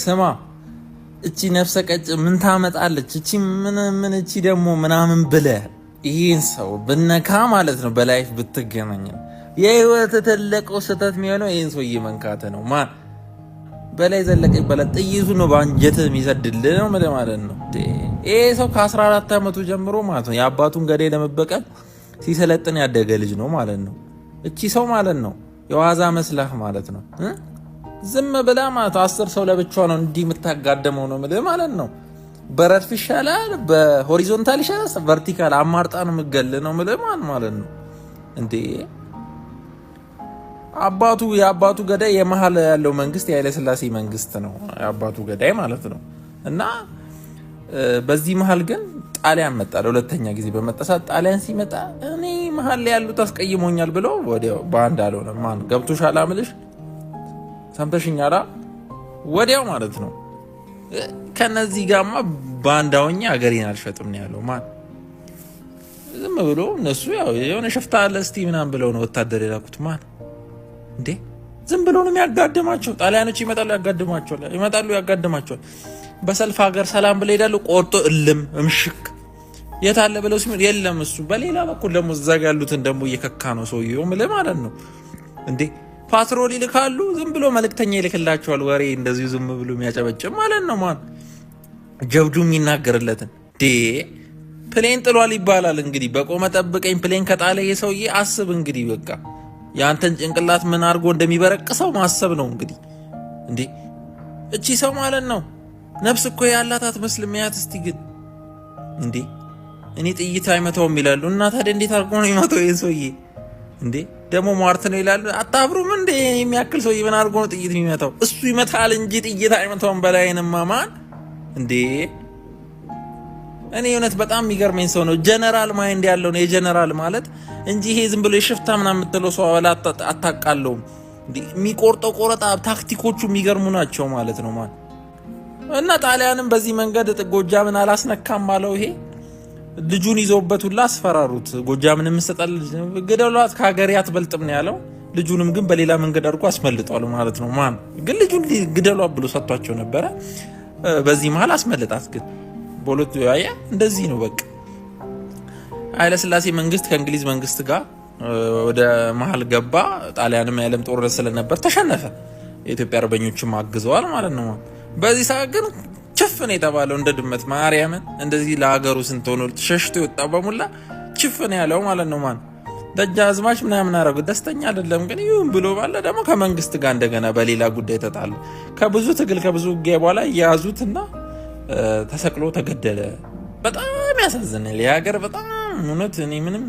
ስማ እቺ ነፍሰ ቀጭ ምን ታመጣለች? እቺ ምን ምን እቺ ደግሞ ምናምን ብለ ይህን ሰው ብነካ ማለት ነው በላይፍ ብትገናኝ የህይወት የተለቀው ስህተት የሚሆነው ይህን ሰው እየመንካተ ነው። ማን በላይ ዘለቀ ይባላል። ጥይቱ ነው በአንጀት የሚሰድልህ ነው ማለት ነው። ይህ ሰው ከ14 ዓመቱ ጀምሮ ማለት ነው የአባቱን ገዳይ ለመበቀል ሲሰለጥን ያደገ ልጅ ነው ማለት ነው። እቺ ሰው ማለት ነው የዋዛ መስላህ ማለት ነው። ዝም ብላ ማለት አስር ሰው ለብቻ ነው እንዲህ የምታጋደመው ነው የምልህ ማለት ነው። በረድፍ ይሻላል፣ በሆሪዞንታል ይሻላል፣ ቨርቲካል አማርጣ ነው የምገልህ ነው የምልህ ማለት ማለት ነው። እንዴ አባቱ የአባቱ ገዳይ የመሀል ያለው መንግስት የኃይለስላሴ መንግስት ነው የአባቱ ገዳይ ማለት ነው። እና በዚህ መሀል ግን ጣሊያን መጣ። ለሁለተኛ ጊዜ በመጠሳት ጣሊያን ሲመጣ እኔ መሀል ያሉት አስቀይሞኛል ብለው ወዲያው በአንድ አልሆነ ማን ገብቶሻል አምልሽ ሰምተሽኛላ? ወዲያው ማለት ነው። ከነዚህ ጋማ ባንዳ ሆኜ ሀገሬን አልሸጥም ነው ያለው። ማን ዝም ብሎ እነሱ የሆነ ሸፍታ አለ እስቲ ምናምን ብለው ነው ወታደር የላኩት። ማን እንዴ ዝም ብሎ ነው የሚያጋድማቸው። ጣሊያኖች ይመጣሉ፣ ያጋድማቸዋል፣ ይመጣሉ፣ ያጋድማቸዋል። በሰልፍ ሀገር ሰላም ብለው ይሄዳሉ። ቆርጦ እልም እምሽክ የት አለ ብለው ሲሚ የለም። እሱ በሌላ በኩል ደግሞ እዛ ጋ ያሉትን ደግሞ እየከካ ነው ሰውየው ምልህ ማለት ነው እንዴ ፓትሮል ይልካሉ። ዝም ብሎ መልእክተኛ ይልክላቸዋል። ወሬ እንደዚሁ ዝም ብሎ የሚያጨበጭብ ማለት ነው። ማን ጀብዱ የሚናገርለትን ዴ ፕሌን ጥሏል ይባላል። እንግዲህ በቆመ ጠብቀኝ ፕሌን ከጣለ የሰውዬ አስብ እንግዲህ በቃ የአንተን ጭንቅላት ምን አድርጎ እንደሚበረቅሰው ማሰብ ነው እንግዲህ። እንዴ እቺ ሰው ማለት ነው ነፍስ እኮ ያላት አትመስልም። ያት እስቲ ግን እንዴ እኔ ጥይት አይመታውም ይላሉ እና ታዲያ እንዴት አድርጎ ነው ይመተው ይህን ሰውዬ? እንዴ ደግሞ ሟርት ነው ይላል። አታፍሩም እንዴ? የሚያክል ሰው ምን አድርጎ ነው ጥይት የሚመታው? እሱ ይመታል እንጂ ጥይት አይመታውም። በላይንማ ማን እንዴ? እኔ እውነት በጣም የሚገርመኝ ሰው ነው ጀነራል ማይንድ ያለው ነው። የጀነራል ማለት እንጂ ይሄ ዝም ብሎ የሽፍታ ምናምን የምትለው ሰው አበላ አታቃለውም። የሚቆርጠው ቆረጣ ታክቲኮቹ የሚገርሙ ናቸው ማለት ነው። ማለት እና ጣሊያንም በዚህ መንገድ ጎጃምን አላስነካም አለው ይሄ ልጁን ይዘውበት ሁላ አስፈራሩት። ጎጃምን የምሰጣል ግደሏት፣ ከሀገሬ አትበልጥም ነው ያለው። ልጁንም ግን በሌላ መንገድ አድርጎ አስመልጧል ማለት ነው። ማን ግን ልጁን ግደሏት ብሎ ሰጥቷቸው ነበረ። በዚህ መሀል አስመልጣት። ግን በሁለቱ ያየ እንደዚህ ነው በቃ ኃይለስላሴ መንግስት ከእንግሊዝ መንግስት ጋር ወደ መሀል ገባ። ጣሊያንም የዓለም ጦርነት ስለነበር ተሸነፈ። የኢትዮጵያ አርበኞችም አግዘዋል ማለት ነው። በዚህ ሰዓት ግን ችፍን የተባለው እንደ ድመት ማርያምን እንደዚህ ለሀገሩ ስንት ሆኖ ሸሽቶ የወጣ በሙላ ችፍን ያለው ማለት ነው። ማን አዝማች ምናምን አረጉት ደስተኛ አይደለም ግን ይሁን ብሎ ባለ ደግሞ ከመንግስት ጋር እንደገና በሌላ ጉዳይ ተጣለ። ከብዙ ትግል ከብዙ ውጊያ በኋላ የያዙትና ተሰቅሎ ተገደለ። በጣም ያሳዝናል። የሀገር በጣም እውነት እኔ ምንም